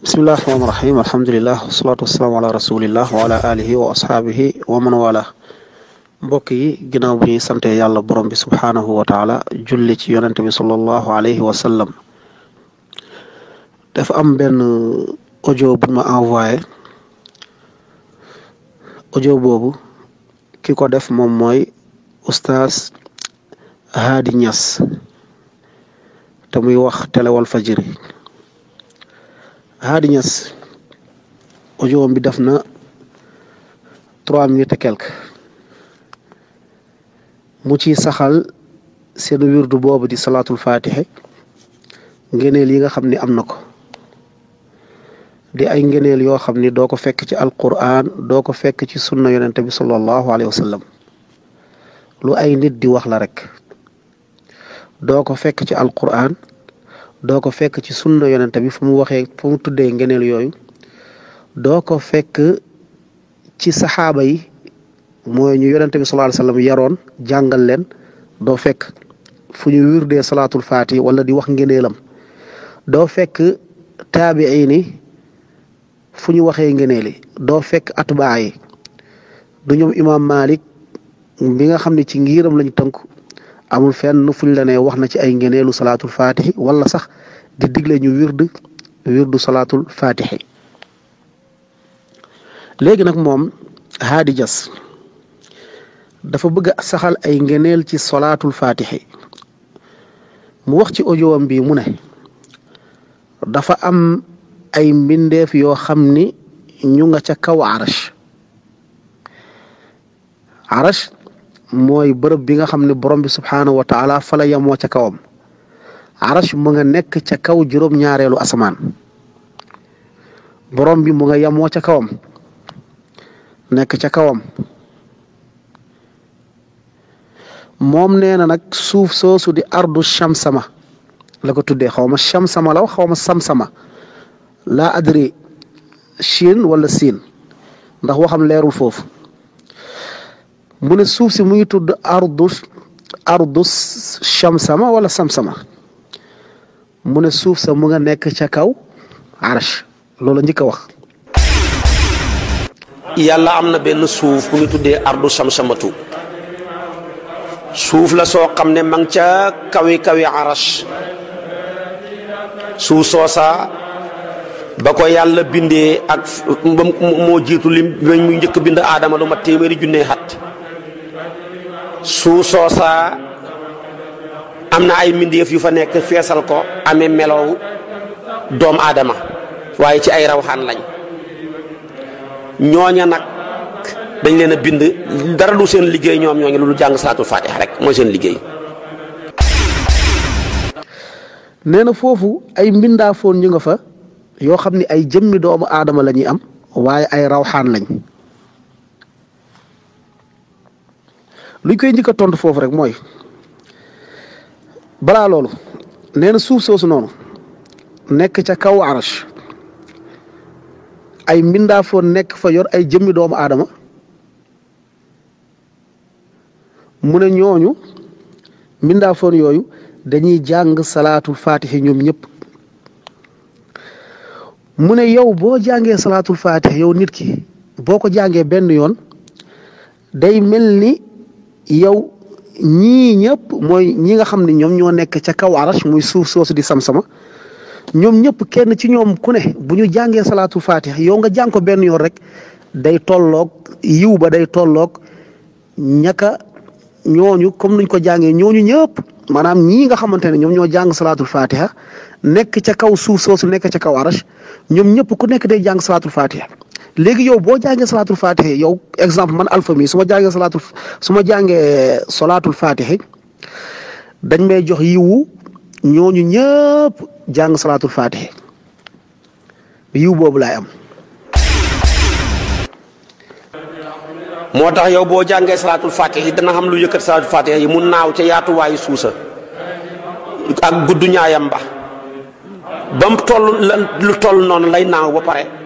bismillah rahmaan rahim alhamdulilah wasalatu wasalaamu ala rasulillah wa ala alihi wa ashaabihi wa man wala mbokk yi ginnaaw bu ñuy sante yàlla borom bi subhaanahu wa taala julli ci yonente bi salallahu alayhi wa sallam dafa am benn audio bu ma envoyé audio boobu ki ko def moom mooy oustaz Hady Niass te muy wax télé Walfadjri Hady Niass bi def na trois minutes et mu ci saxal seen wirdu boobu di salaatul fatixe ngeneel yi nga xam ni am na ko di ay ngeneel yoo xam ni doo ko fekk ci alquran doo ko fekk ci sunna yonente bi sallallahu alayhi wa sallam lu ay nit di wax la rek doo ko fekk ci alquran doo ko fekk ci sunna yonente bi fu mu waxee fu mu tuddee ngeneel yooyu doo ko fekk ci saxaaba yi mooy ñu yonente bi sallallahu alayhi wasallam yaroon jàngal leen doo fekk fu ñu wirdee salaatul faati wala di wax ngeneelam doo fekk taabiin yi fu ñu waxee ngeneeli doo fekk atbaa yi du ñoom imaam Malik bi nga xam ne ci ngiiram lañ tënk amul fenn fuñ la ne wax na ci ay ngeneelu salaatul faatixi wala sax di digle ñu wird wirdu salaatul faatixi léegi nag moom haadi jas dafa bëgg a saxal ay ngeneel ci salaatul faatixi mu wax ci audiowam bi mu ne dafa am ay mbindeef yoo xam ni ñu nga ca kaw arash arash mooy bërëb bi nga xam ne borom bi subhaanahu wa taala fa la yemoo ca kawam arash mu nga nekk ca kaw juróom-ñaareelu asamaan borom bi mu nga yemoo ca kawam nekk ca kawam moom nee na nag suuf soosu di ardu shamsama la ko tuddee xaw ma shamsama la xaw ma samsama laa adri chine wala siin ndax waxam leerul foofu mu suuf si mu ngi tudd ardu ardu shamsama wala samsama mu ne suuf sa mu nga nekk ca kaw arsh loolu njëkk a wax yàlla am na benn suuf bu ñu tuddee ardu samsamatu suuf la soo xam ne mang ca kawi kawi arash suuf soosa ba ko yàlla bindee ak moo jiitu lim mu njëkk bind aadama lu ma téeméeri junnee xat suuf soosa am na ay mbindeef yu fa nekk feesal ko amee melow doomu aadama waaye ci ay rawxaan lañ ñooña nag dañ leen a bind dara du seen liggéey ñoom ñooñu lu jàng salaatul faatiha rek mooy seen liggéey. nee na foofu ay mbindaafoon ñu nga fa yoo xam ni ay jëmmi doomu aadama la ñuy am waaye ay rawxaan lañ. luñ koy njëkk a foofu rek mooy balaa loolu nee na suuf soosu noonu nekk ca kaw arash ay mbindaafoo nekk fa yor ay jëmmi doomu aadama mu ne ñooñu mbindaafoon yooyu dañuy jàng salaatul faatihi ñoom ñëpp mu ne yow boo jàngee salaatul faatihi yow nit ki boo ko jàngee benn yoon day mel ni yow ñii ñëpp mooy ñi nga xam ne ñoom ñoo nekk ca kaw arash muy suuf soosu di sam-sama ñoom ñëpp kenn ci ñoom ku ne bu ñu jàngee salaatul fatih yow nga jàng ko benn yoon rek day tolloog yiw ba day tolloog ñaka ñooñu comme nuñ ko jàngee ñooñu ñëpp maanaam ñii nga xamante ne ñoom ñoo jàng salaatul fatiha nekk ca kaw suuf soosu nekk ca kaw arash ñoom ñëpp ku nekk day jàng salaatul fatiha léegi yow boo jàngee salaatul fatiha yow exemple man alpha mi su ma su ma jàngee salaatul fatiha dañ may jox yiwu ñooñu ñëpp jàng salaatul fatiha yiw boobu laay am. moo tax yow boo jàngee salaatul fatiha dana xam lu yëkkat salaatul fatiha yi mu naaw ca yaatuwaayu suusa ak gudd ñaayam ba bam toll lu toll noonu lay naaw ba pare.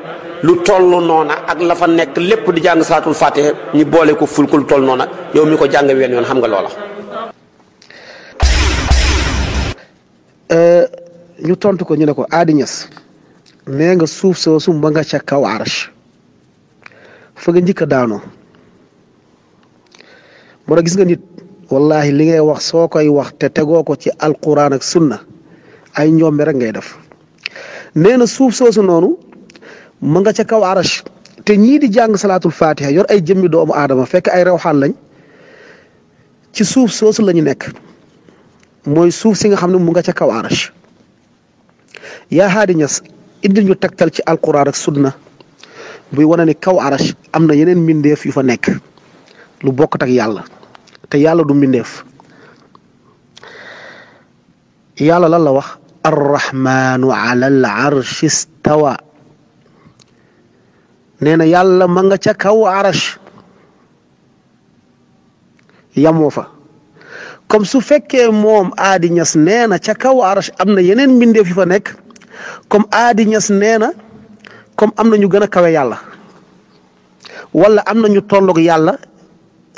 lu toll noona ak la nekk lépp di jàng salaatul faatiha ñi boole ko ful ko lu toll noona yow mi ko jàng wenn yoon xam nga loola. Euh, ñu tontu ko ñu ne ko Adi Niass nee nga suuf soosu ma nga ca kaw arash fa njëkk a daanoo moo gis nga nit wallahi li ngay wax soo koy wax te tegoo ko ci alquran ak sunna ay ñoom mi rek ngay def nee na suuf soosu noonu. ma nga ca kaw arash te ñii di jàng salaatul fatiha yor ay jëmmi doomu aadama fekk ay rawxaan lañ ci suuf soosu la nekk mooy suuf si nga xam ne mu nga ca kaw arash yaa haadi ñas indi ñu tegtal ci alquran ak sunna buy wane ni kaw arash am na yeneen mbindeef yu fa nekk lu bokk ak yàlla te yàlla du mbindeef yàlla lan la wax arrahmanu ala al arshi istawa nee na yàlla ma nga ca kaw arash yamoo fa comme su fekkee moom aadi ñas nee na ca kaw arash am na yeneen mbindeef yu fa nekk comme aadi ñas nee na comme am na ñu gën a kawe yàlla wala am na ñu tolloog yàlla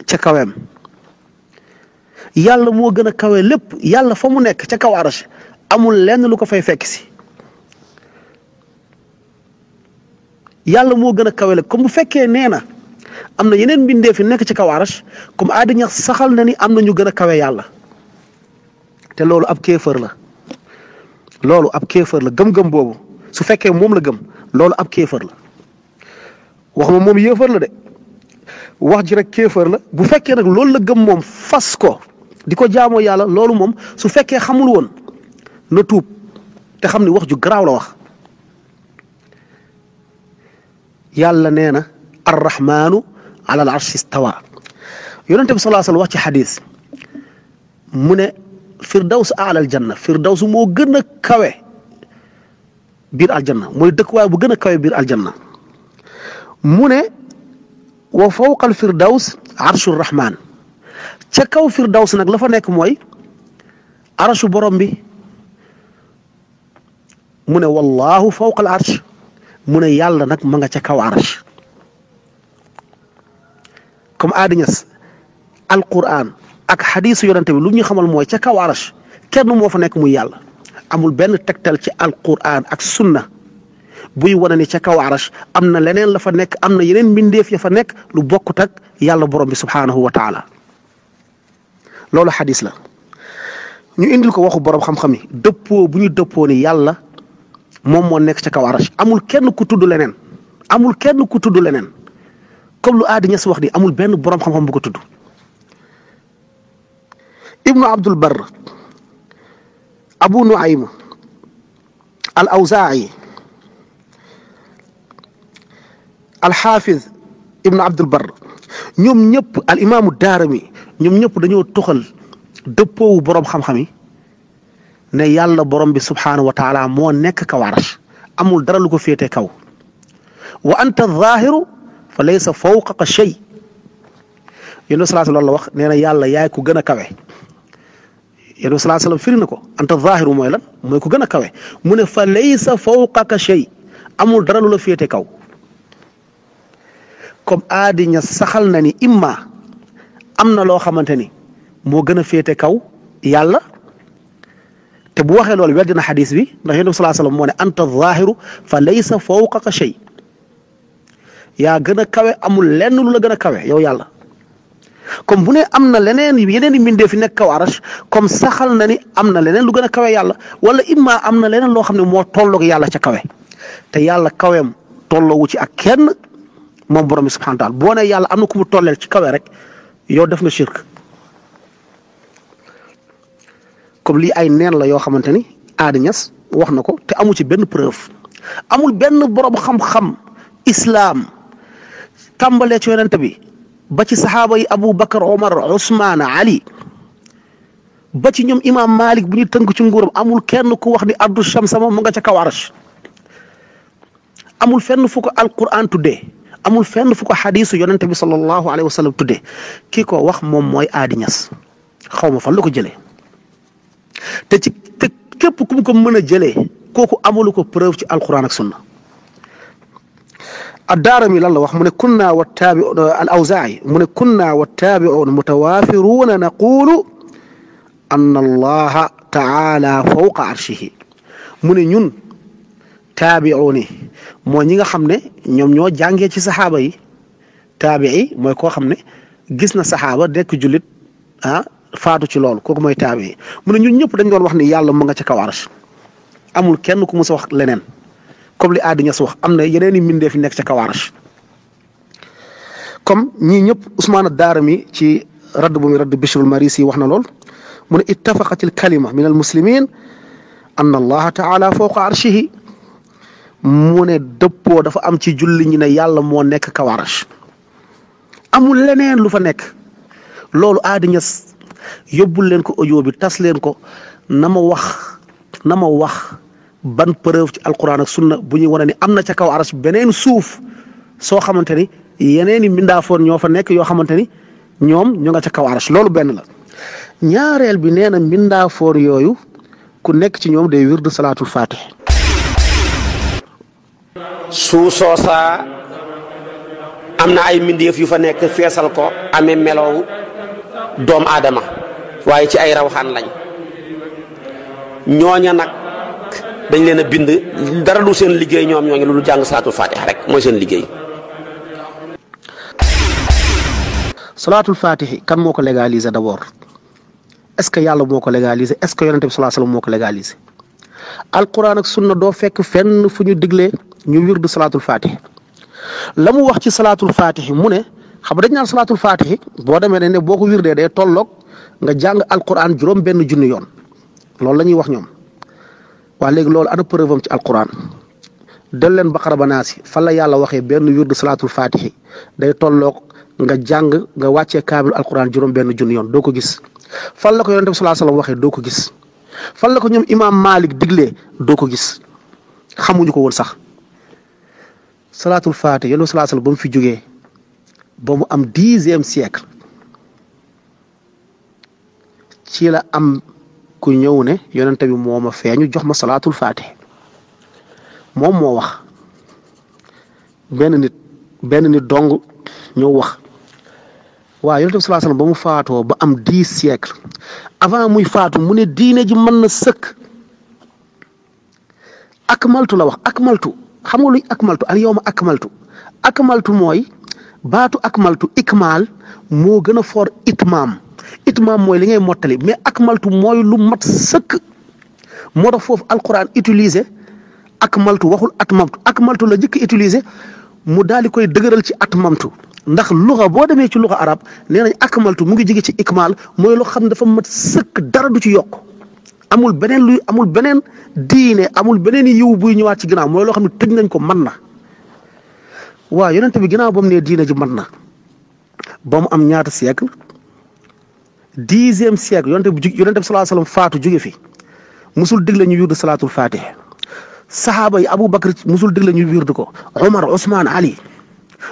ca kaweem yàlla moo gën a kawe lépp yàlla fa mu nekk ca kaw arash amul lenn lu ko fay fekk si yàlla moo gën a kawele comme bu fekkee nee na am na yeneen mbindeef yi nekk ci kaw arash comme aada saxal na ni am na ñu gën a kawe yàlla te loolu ab kéefër la loolu ab kéefër la gëm-gëm boobu su fekkee moom la gëm loolu ab kéefër la ma moom yéefër la de wax ji rek kéefër la bu fekkee nag loolu la gëm moom fas ko di ko jaamoo yàlla loolu moom su fekkee xamul woon na tuub te xam ni wax ju garaaw la wax yàlla nee na arrahmaanu ala al arshi stawa yonente bi salaa sallam wax ci xadis mu ne firdaws ala al janna firdaws moo gën a kawe biir aljanna mooy dëkkuwaay bu gën a kawe biir aljanna mu ne wa fawqa al firdaws arshu rahman ca kaw firdaws nag la fa nekk mooy arshu borom bi mu ne wallahu fawqa al arsh mu ne yàlla nag ma nga ca kaw arsh comme aadiñas alquran ak xadiisu yonante bi lu ñu xamal mooy ca kaw arsh kenn moo fa nekk muy yàlla amul benn tegtal ci alquran ak sunna buy wane ni ca kaw arsh am na leneen la fa nekk am na yeneen mbindeef ya fa nekk lu bokkut ak yàlla borom bi subhaanahu wa taala loolu xadis la ñu indil ko waxu borom xam-xam yi dëppoo bu ñu dëppoo ni yàlla mom mo nek ci kaw arash amul kenn ku tuddu lenen amul kenn ku tuddu lenen comme lu adi ñess wax di amul benn borom xam-xam bu ko tuddu ibnu abdul bar abu nuaym al awza'i al hafiz ibnu abdul bar ñom ñep al imam daarami ñom ñep dañu tukhal dëppoowu borom xam-xam yi ne yàlla borom bi subhaanahu wa taala moo nekk kaw arash amul dara lu ko féete kaw wa anta zaahiru fa laysa fawqaka shay yéen salaatu loolu la wax nee yàlla yaay ku gën a kawe yéen salaatu salaam firi na ko anta zaahiru mooy lan mooy ku gën a kawe mu ne fa laysa fawqaka shay amul dara lu la féete kaw comme aadi ña saxal na ni imma am na loo xamante ni moo gën a féete kaw yàlla. te bu waxee loolu weddi na xadis bi ndax yonent bi salaa moo ne anta zaahiru fa laysa fawqaka shay yaa gën a kawe amul lenn lu la gën a kawe yow yàlla comme bu ne am na leneen yeneen i mbindee fi nekk kaw arash comme saxal na ni am na leneen lu gën a kawe yàlla wala imma am na leneen loo xam ne moo tolloog yàlla ca kawe te yàlla kaweem tolloowu ci ak kenn moom borom bi subhaanahu wa taala boo ne yàlla am na ku mu tolleel ci kawe rek yow def na shirk comme lii ay neen la yoo xamante ni aada ñas wax na ko te amul ci benn preuve amul benn borom xam-xam islaam tàmbalee ci yonent bi ba ci saxaaba yi Abu Bakar Omar Ousmane Ali ba ci ñoom imaam Malik bu ñu tënk ci nguuram amul kenn ku wax ni addu sham sama mu nga ca kaw arsh amul fenn fu ko alquran tuddee amul fenn fu ko xadiisu yonent bi sallallahu alayhi tudde kii ko wax moom mooy aadi ñas xaw ma fan la ko jëlee. te ci te képp ku mu ko mën a jëlee kooku amalu ko preuve ci alquran ak sunna addaarami mi la wax mu ne kunna wa taabi al awzaa'i mu ne kunna wa taabi'uun mutawaafiruuna naqulu anna allaha taala fawqa arshihi mu ne ñun taabi'uun yi moo ñi nga xam ne ñoom ñoo jàngee ci saxaaba yi taabi'i mooy koo xam ne gis na saxaaba dekk jullit ah faatu ci loolu kooku mooy taabi mu ne ñun ñëpp dañ doon wax ni yàlla mu nga ca kaw arsh amul kenn ku mës a wax leneen comme li aadi ñas wax am na yeneen i mbindeef yi nekk ca kaw arsh comme ñii ñëpp Ousmane mi ci radd bu muy radd Bishrul Marisi wax na lool mu ne ittafaqatil kalima min al muslimin an allaha taala fawqa arshihi mu ne dëppoo dafa am ci julli ñi ne yàlla moo nekk kaw arsh amul leneen lu fa nekk loolu aadi ñas yóbbul leen ko audio bi tas leen ko nama wax na ma wax ban preuve ci alquran ak sunna bu ñuy wane ni am na ca kaw aras beneen suuf soo xamante ni yeneen i mbindaafoon ñoo fa nekk yoo xamante ni ñoom ñu nga ca kaw loolu benn la bi nee na mbindaafoon yooyu ku nekk ci ñoom day wirdu salaatul faate suuf soosaa am na ay mbindeef yu fa nekk feesal ko amee melow doomu aadama waaye ci ay rawxaan lañ ñooña nag dañ leen a bind dara lu seen liggéey ñoom ñooñu lu jàng salaatul fatiha rek mooy seen liggéey. salaatul fatihi kan moo ko légaliser d' abord est ce que yàlla moo ko légaliser est ce que yonent bi salaa moo ko légaliser alquran ak sunna doo fekk fenn fu ñu diglee ñu wirdu salaatul fatihi la mu wax ci salaatul fatihi mu ne xam dañ naan salaatul fatihi boo demee dañ ne boo ko wirdee day tolloog nga jàng alquran juróom benn junni yoon loolu la ñuy wax ñoom waa léegi loolu ana preuve am ci alquran del leen baqara ba naasi fan la yàlla waxee benn yurdu salaatul faatihi day tolloog nga jàng nga wàccee kaamil alquran juróom benn junni yoon doo ko gis fan la ko yonent bi salaa salaam waxee doo ko gis fan la ko ñoom imaam Malik diglee doo ko gis xamuñu ko woon sax salaatul faatihi yonent bi salaa salaam ba mu fi jógee ba mu am dixième siècle ci la am ku ñëw ne yonente bi moo ma feeñu jox ma salaatul faate moom moo wax benn nit benn nit dong ñëw wax waaw yonente bi salaa sallam ba mu faatoo ba am dix siècle avant muy faatu mu ne diine ji man na sëkk akmaltu la wax akmaltu xam nga luy akmaltu al yawma ak maltu mooy baatu akmaltu ikmaal moo gën a for itmaam itmaam mooy li ngay mottali mais maltu mooy lu mat sëkk moo tax foofu alquran utiliser maltu waxul ak maltu la jëkk utiliser mu daal di koy dëgëral ci atmamtu ndax luxa boo demee ci luxa arab nee nañ maltu mu ngi jige ci ikmaal mooy loo xam ne dafa mat sëkk dara du ci yokk amul beneen luy amul beneen diine amul beneen yiw buy ñëwaat ci ginnaaw mooy loo xam ne tëj nañ ko mën na waaw yonent bi ginnaaw ba mu nee diine ji man na ba mu am ñaata siècle dixième siècle yonent bi ju yonent bi salaa faatu juge fi musul digle ñu wirdu salaatul fatih saxaaba yi Abu Bakr musul digle ñu wirdu ko Omar Ousmane Ali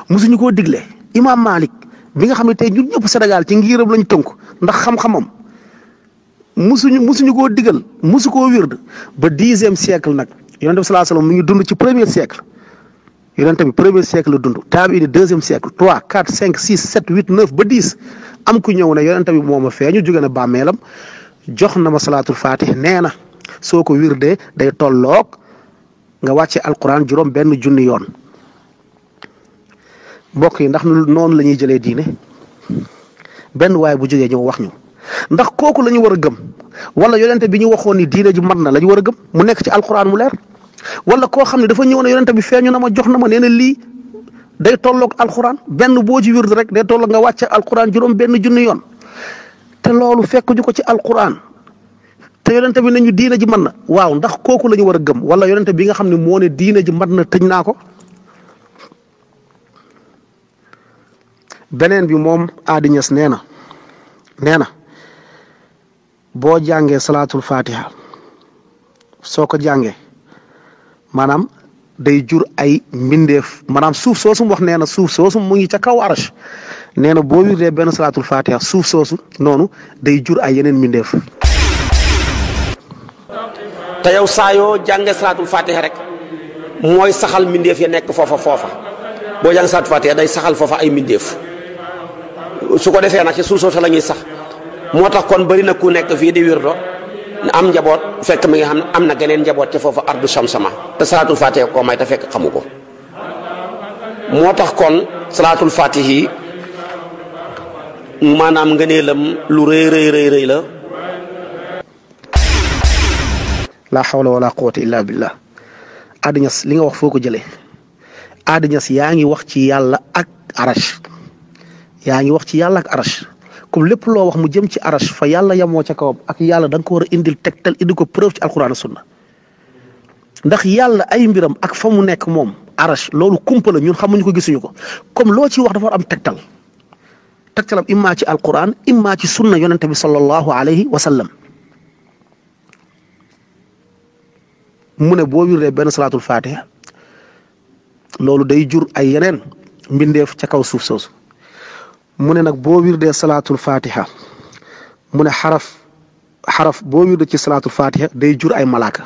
musuñu koo digle Imaam Malik bi nga xam ne tey ñun ñëpp Sénégal ci ngiram lañ tënk ndax xam-xamam musuñu musuñu koo digal musu koo wird ba dixième siècle nag yonent bi salaa salaam mu ngi dund ci premier siècle. yonent bi premier siècle la dund taabi ni deuxième siècle trois quatre cinq six sept huit neuf ba dix am ku ñëw ne yonent bi moo ma feeñu jóge na bàmmeelam jox na ma salaatul fatih nee na soo ko de day tolloog nga wàcce alquran juróom benn junni yoon mbokk yi ndax noonu la ñuy jëlee diine benn waaye bu jógee ñëw wax ñu ndax kooku lañu ñu war a gëm wala yonent bi ñu waxoon ni diine ju mat na la ñu war a gëm mu nekk ci alquran mu leer wala koo xam ne dafa ñëw ne yonent bi feeñu na ma jox na ma nee na lii day tolloog alxuraan benn boo ci wird rek day tolloog nga wàcce alxuraan juróom benn junni yoon te loolu fekk ju ko ci alxuraan te tamit bi nañu diina ji mën na waaw ndax kooku la ñu war a gëm wala yonent bi nga xam ne moo ne diina ji mën na tëj naa ko beneen bi moom aadiñes nee na nee na boo jàngee salaatul fatiha soo ko jàngee maanaam day jur ay mbindeef maanaam suuf soosu mu wax nee na suuf soosu mu ngi ca kaw arash nee na boo wirdee benn salaatul fatiha suuf soosu noonu day jur ay yeneen mbindeef. te yow saa yoo jàngee salaatul fatiha rek mooy saxal mbindeef yi nekk foofa foofa boo jàngee salaatul fatiha day saxal foofa ay mbindeef su ko defee na ci suuf soosu lañuy sax moo tax kon bëri na ku nekk fii di wirdo am njaboot fekk mi nga xam am na geneen njaboot te foofu ardu sama te salatul fatiha ko may te fekk xamu ko moo tax kon salatul fatihi maanaam ngëneelam lu rëy rëy rëy rëy la la hawla wala quwwata illa billah adiñas li nga wax foko jele jëlee yaangi wax ci yalla ak arash yaangi wax ci yalla ak arash comme lépp loo wax mu jëm ci arash fa yàlla yemoo ca kawam ak yàlla da nga ko war a indil tegtal indi ko preuve ci alquran sunna ndax yàlla ay mbiram ak fa mu nekk moom arash loolu kumpa la ñun xamuñu ko gisuñu ko comme loo ci wax dafa war am tegtal tegtalam immaa ci alquran immaa ci sunna yonente bi sallallahu alayhi wa sallam mu ne boo wirdee benn salaatul fatiha loolu day jur ay yeneen mbindeef ca kaw suuf soosu. mu ne nag boo wirdee salaatul fatiha mu ne xaraf xaraf boo wirde ci salaatul fatiha day jur ay malaaka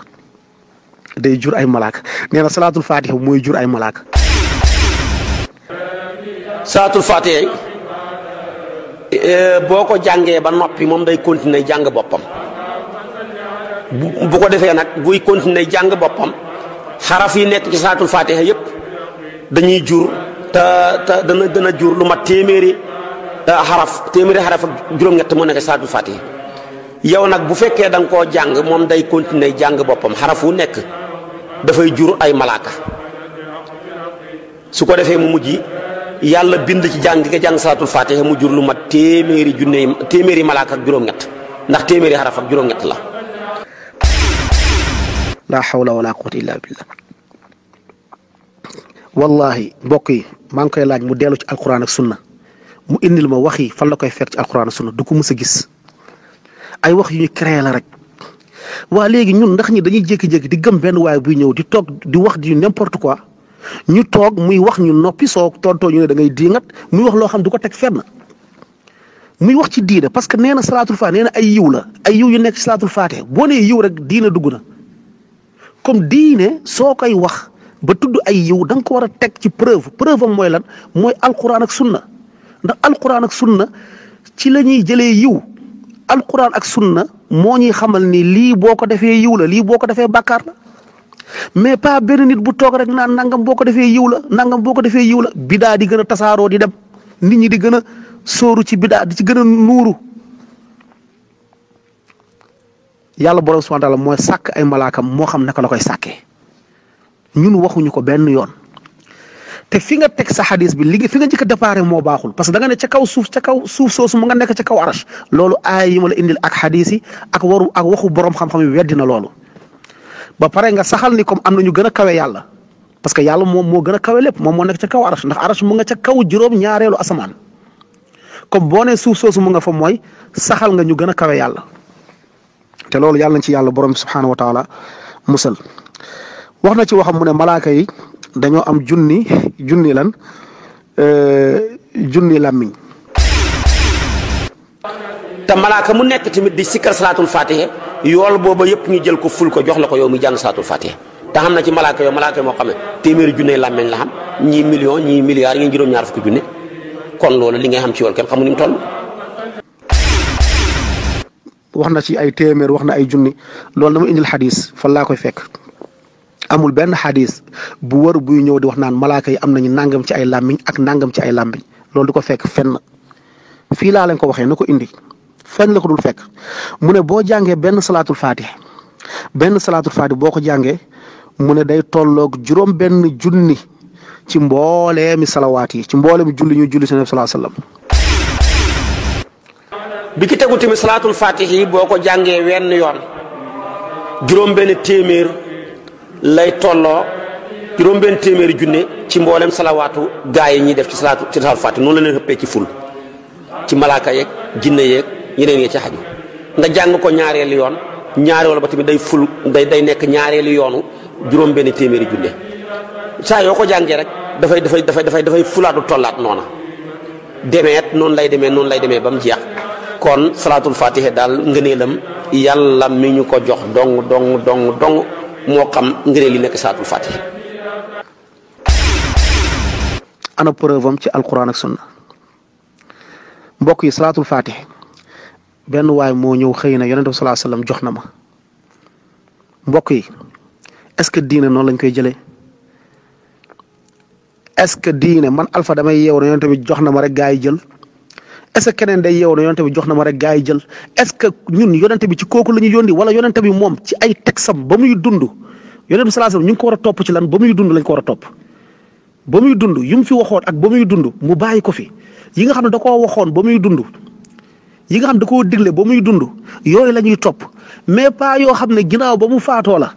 day jur ay malaaka nee na salaatul fatiha mooy jur ay malaaka salaatul fatiha eh, boo ko jàngee ba noppi moom day continuer jàng boppam bu ko defee nag guy continuer jàng boppam xaraf yi nekk ci salaatul fatiha yépp dañuy jur te te dana dana jur lu mat téeméeri Eh, xaraf téeméeri xaraf ak juróom-ñett moo nekk saatul fatiha yow nag bu fekkee danga nga koo jàng moom day continuer jàng boppam xaraf wu nekk dafay jur ay malaaka su ko defee mu mujj yàlla bind ci jàng gi nga jàng saatul fatiha mu jur lu mat téeméeri junne téeméeri malaaka ak juróom-ñett ndax téeméeri xaraf ak juróom-ñett la. la hawla wala quwwata illa billah mbokk yi maa laaj mu dellu ci alquran ak sunna mu indil ma wax yi fan la koy fekk ci alxuraan sunna du ko mës gis ay wax yu ñu créé la rek waa léegi ñun ndax ñi dañuy jékki-jékki di gëm benn waaye buy ñëw di toog di wax di n'importe quoi ñu toog muy wax ñu noppi soo tontoo ñu ne da ngay diingat muy wax loo xam du ko teg fet na muy wax ci diine parce que nee na salaatul faate nee ay yiw la ay yiw yu nekk ci salaatul faate boo nee yiw rek diine dugg na comme diine soo koy wax ba tudd ay yiw da nga ko war a teg ci preuve preuve mooy lan mooy alxuraan ak sunna ndax alquran ak sunna ci la ñuy jëlee yiw alquran ak sunna moo ñuy xamal ni lii boo ko defee yiw la lii boo ko defee bàkkaar mais pas benn nit bu toog rek naan nangam boo ko defee yiw la nangam boo ko defee yiw la bidaa di gën a tasaaroo di dem nit ñi di gën a sóoru ci bidaa di ci gën a nuuru yàlla borom subhanahu mooy sàkk ay malaakam moo xam naka la koy sàkkee ñun waxuñu ko benn yoon. te fi nga teg sa xadis bi liggéey fi nga njëkk a déparé moo baaxul parce que da nga ne ca kaw suuf ca kaw suuf soosu mu nga nekk ca kaw arash loolu aay ma la indil ak xadis ak waru ak waxu borom xam-xam yi weddi na loolu ba pare nga saxal ni comme am na ñu gën a kawe yàlla parce que yàlla moom moo gën a kawe lépp moom moo nekk ca kaw arash ndax arash mu nga ca kaw juróom-ñaareelu asamaan comme boo nee suuf soosu mu nga fa mooy saxal nga ñu gën a kawe yàlla te loolu yàlla na ci yàlla borom subxanahu wa taala musal wax na ci waxam mu ne malaaka dañoo am junni junni lan euh, junni làmmiñ te malaaka mu nekk tamit di sikkar salaatul faatiha yool booba yëpp ñu jël ko ful ko jox la ko yow mi jàng salaatul faatiha te na ci malaaka yow malaaka moo xam ne téeméeri junne làmmiñ la xam ñii million ñii milliards ñii juróom-ñaar fukki junne kon loolu li ngay xam ci yool kenn xamu ni mu toll wax na ci ay téeméer wax na ay junni loolu dama indil xadis fan laa koy fekk amul benn xadis bu wër buy ñëw di wax naan malaaka yi am nañu nangam ci ay làmmiñ ak nangam ci ay làmmiñ loolu du ko fekk fenn fii laa leen ko waxee na ko indi fenn la ko dul fekk mu ne boo jàngee benn salaatul faatih benn salaatul faatih boo ko jàngee mu ne day tolloog juróom benn ci mbooleemi salawaat yi ci mbooleemi julli ñu julli si nabi salaa sallam bi ki boo ko jàngee wenn yoon juróom benn téeméer lay tolloo juróom-benn téeméeri junne ci mbooleem salawaatu gaa yi ñuy def ci salaatu ci salaatu fàtte noonu la ne leen xëppee ci ful ci malaaka yeeg jinne yeeg yeneen yi ci xaju nga jàng ko ñaareelu yoon ñaareelu ba tamit day ful day day nekk ñaareelu yoonu juróom-benn téeméeri junne saa yoo ko jàngee rek dafay dafay dafay dafay dafay fulaatu tollaat noona demeet noonu lay demee noonu lay demee ba mu jeex kon salaatul fatiha daal ngëneelam yàlla mi ñu ko jox dong dong dong dong moo xam ngëneel yi nekk saatul fatiha ana preuve am ci alquran ak sunna mbokk yi salaatul fatiha benn waay moo ñëw xëy na yonente bi salaa sallam jox na ma mbokk yi est-ce que diine noonu lañ koy jëlee est-ce que diine man alpha damay yeewu na yonente bi jox na ma rek gaa yi jël est-ce que keneen day yeew na yonente bi jox na ma rek gaa yi jël est-ce que ñun yonente bi ci kooku la ñu yónni wala yonente bi moom ci ay sam ba muy dundu yonente bi sallallahu alayhi ñu ngi ko war a topp ci lan ba dund lañ ko a topp ba muy dund yu mu fi waxoon ak ba muy dundu mu bàyyi ko fi yi nga xam ne da koo waxoon ba muy dund yi nga xam ne da digle ba muy dund yooyu la ñuy topp mais pas yoo xam ne ginaaw ba mu faatoo la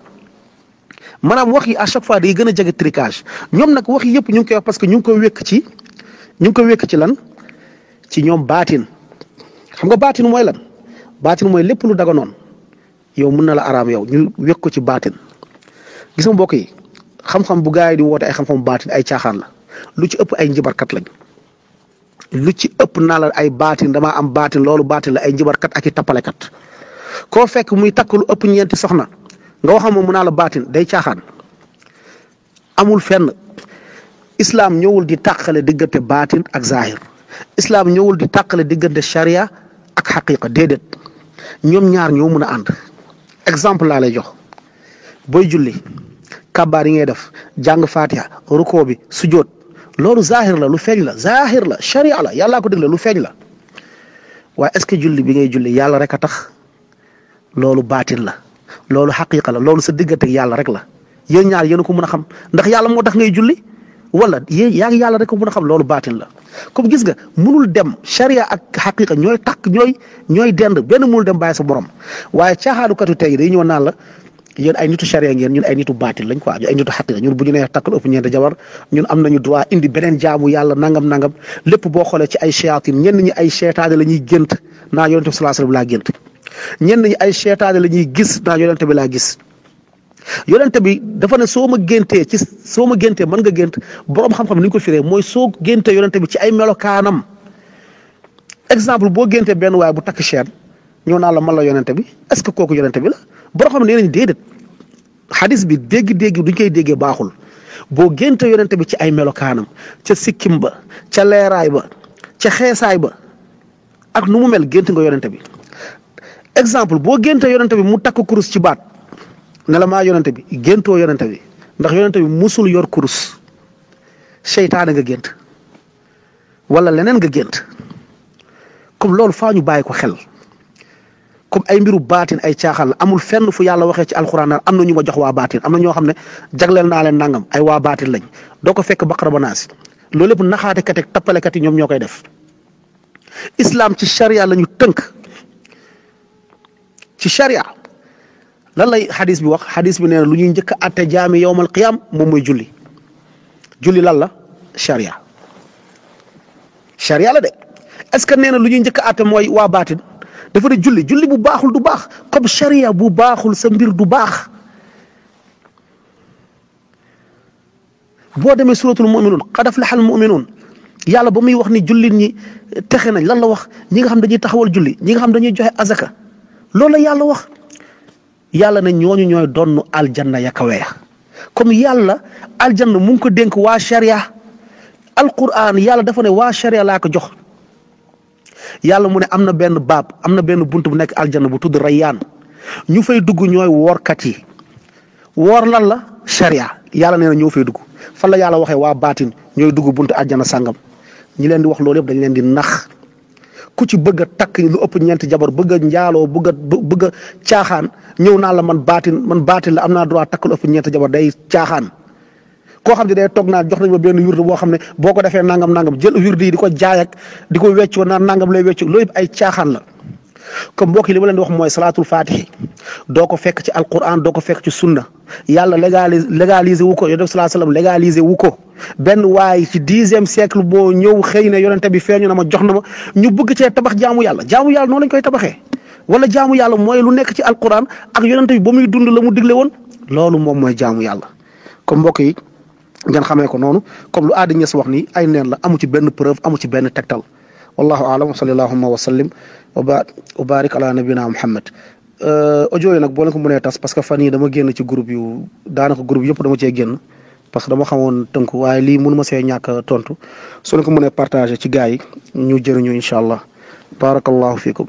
maanaam wax yi à chaque fois day gën a jege tricage ñoom nag wax yi yëpp ñu ngi koy wax parce que ñu ngi koy wékk ci ñu ngi koy wékk ci lan ci ñoom baatin xam nga baatin mooy lan baatin mooy lépp lu daganoon yow mën na la araam yow ñu wékk ci baatin gis nga mbokk yi xam-xam bu gaa di woote ay xam-xam baatin ay caaxaan la lu ci ëpp ay njibarkat lañ lu ci ëpp naa la ay baatin dama am baatin loolu baatin la ay njibarkat ak i tappalekat koo fekk muy takk lu ëpp ñeenti soxna nga waxam moom naa la baatin day caaxaan amul fenn islam ñëwul di tàqale diggante baatin ak zahir islaam ñëwul di tàqale diggante charia ak xaqiqa déedéet ñoom ñaar ñoo mun a ànd exemple laa lay jox booy julli kabaar yi ngay def jàng fatiha ruko bi sujoot loolu zahir la lu feeñ la zahir la charia la yàllaa ko digle lu feeñ la waaye est-ce que julli bi ngay julli yàlla rek a tax loolu baatin la loolu xaqiqa la loolu sa diggante ak yàlla rek la yéen ñaar yéen ko a xam ndax yàlla moo tax ngay julli wala yéen yaa ngi yàlla rek ko mën a xam loolu baatin la comme gis nga munul dem charia ak xaqiqa ñooy takk ñooy ñooy dend benn munul dem bàyyi sa borom waaye caaxaanukatu tey day ñëw naan la yéen ay nitu charia ngeen ñun ay nitu baatin lañ quoi ay nitu xaqiqa ñun bu ñu nee takkal ëpp ñeenti jabar ñun am nañu droit indi beneen jaamu yàlla nangam nangam lépp boo xoolee ci ay shayatin ñenn ñi ay seetaane la ñuy gént naa yonente bi laa gént ñenn ñi ay seetaane la ñuy gis naa yonente bi laa gis yonente bi dafa ne soo ma géntee ci soo ma géntee mën nga gént borom xam-xam ni ñu ko firee mooy soo géntee yonente bi ci ay melokaanam exemple boo géntee benn waaye bu takk chaîne ñëw naa la man la bi est que kooku yonente bi la borom xam ne nee nañ bi dégg-dégg duñ koy déggee baaxul boo géntee yonente bi ci ay melokaanam ca sikkim ba ca leeraay ba ca xeesaay ba ak nu mu mel gént nga yonente bi exemple boo géntee yonente bi mu takk kurus ci baat ne la maa yonante bi géntoo yonante bi ndax yonante bi musul yor kurus seytaane nga gént wala leneen nga gént comme loolu faa ñu bàyyi ko xel comme ay mbiru baatin ay tiaxal la amul fenn fu yàlla waxee ci alquran amna am na ñu ma jox waa baatin am na ñoo xam ne jagleel naa leen nangam ay waa baatin lañ doo ko fekk baqara ba naas loolu lépp tapale kat ñom ñokay ñoom ñoo koy def islam ci sharia lañu teunk ci sharia lan lay xadis bi wax xadis bi nee lu ñuy njëkk a atte jaami yowmal qiyaam moom mooy julli julli lan la charia charia la de est-ce que nee na lu ñuy njëkk a mooy waa baatin dafa julli julli bu baaxul du baax comme charia bu baaxul sa mbir du baax boo demee suratul muminuun qad aflaha al muminuun yàlla ba muy wax ni jullit ñi texe nañ lan la wax ñi nga xam dañuy taxawal julli ñi nga xam dañuy joxe azaka loolu la wax. yàlla na ñooñu ñooy donnu aljanna ya kawe ya comme yàlla aljanna mu ngi ko dénk waa sharia alquran yàlla dafa ne waa sharia laa ko jox yàlla mu ne am na benn baab am na benn bunt bu nekk aljanna bu tudd rayyaan ñu fay dugg ñooy woorkat yi woor lan la sharia yàlla nee na ñoo fay dugg fan la yàlla waxee waa baatin ñooy dugg buntu aljanna sàngam ñi leen di wax loolu yëpp dañ leen di nax. ku ci bëgg a takk lu ëpp ñeenti jabar bëgg a njaaloo bëgg bëgg a caaxaan ñëw naa la man baatin man baatin la am naa droit takk lu ëpp ñeenti jabar day caaxaan. koo xam ne day toog naa jox nañ ma benn wirdu boo xam ne boo ko defee nangam nangam jël wirdu yi di ko jaay di ko wecc naan nangam lay wecc loolu ay caaxaan la. comme mbokk yi li ma leen di wax mooy salaatul faatihi doo ko fekk ci alquran doo ko fekk ci sunna yàlla légalise légaliser wu ko yonent bi salaa salaam légaliser wu ko benn waaye ci dixième siècle boo ñëw xëy na yonente bi feeñu na ma jox na ma ñu bëgg cee tabax jaamu yàlla jaamu yàlla noonu lañ koy tabaxee wala jaamu yàlla mooy lu nekk ci alquran ak yonente bi ba muy dund la mu digle woon loolu moom mooy jaamu yàlla comme mbokk yi ngeen xamee ko noonu comme lu aada ñes wax ni ay neen la amu ci benn preuve amu ci benn tegtal wallahu aalam wa sallallahu wa sallim wa barik ala nabina muhammad eh, audio yi nag boo leen ko mënee tas parce que fan yi dama génn ci groupe yu daanaka groupe yëpp dama cee génn parce que dama xamoon tënku waaye lii mënu ma see ñàkk tontu su leen ko mënee partagé ci gars yi ñu jëriñu incha allah barakallahu fiikum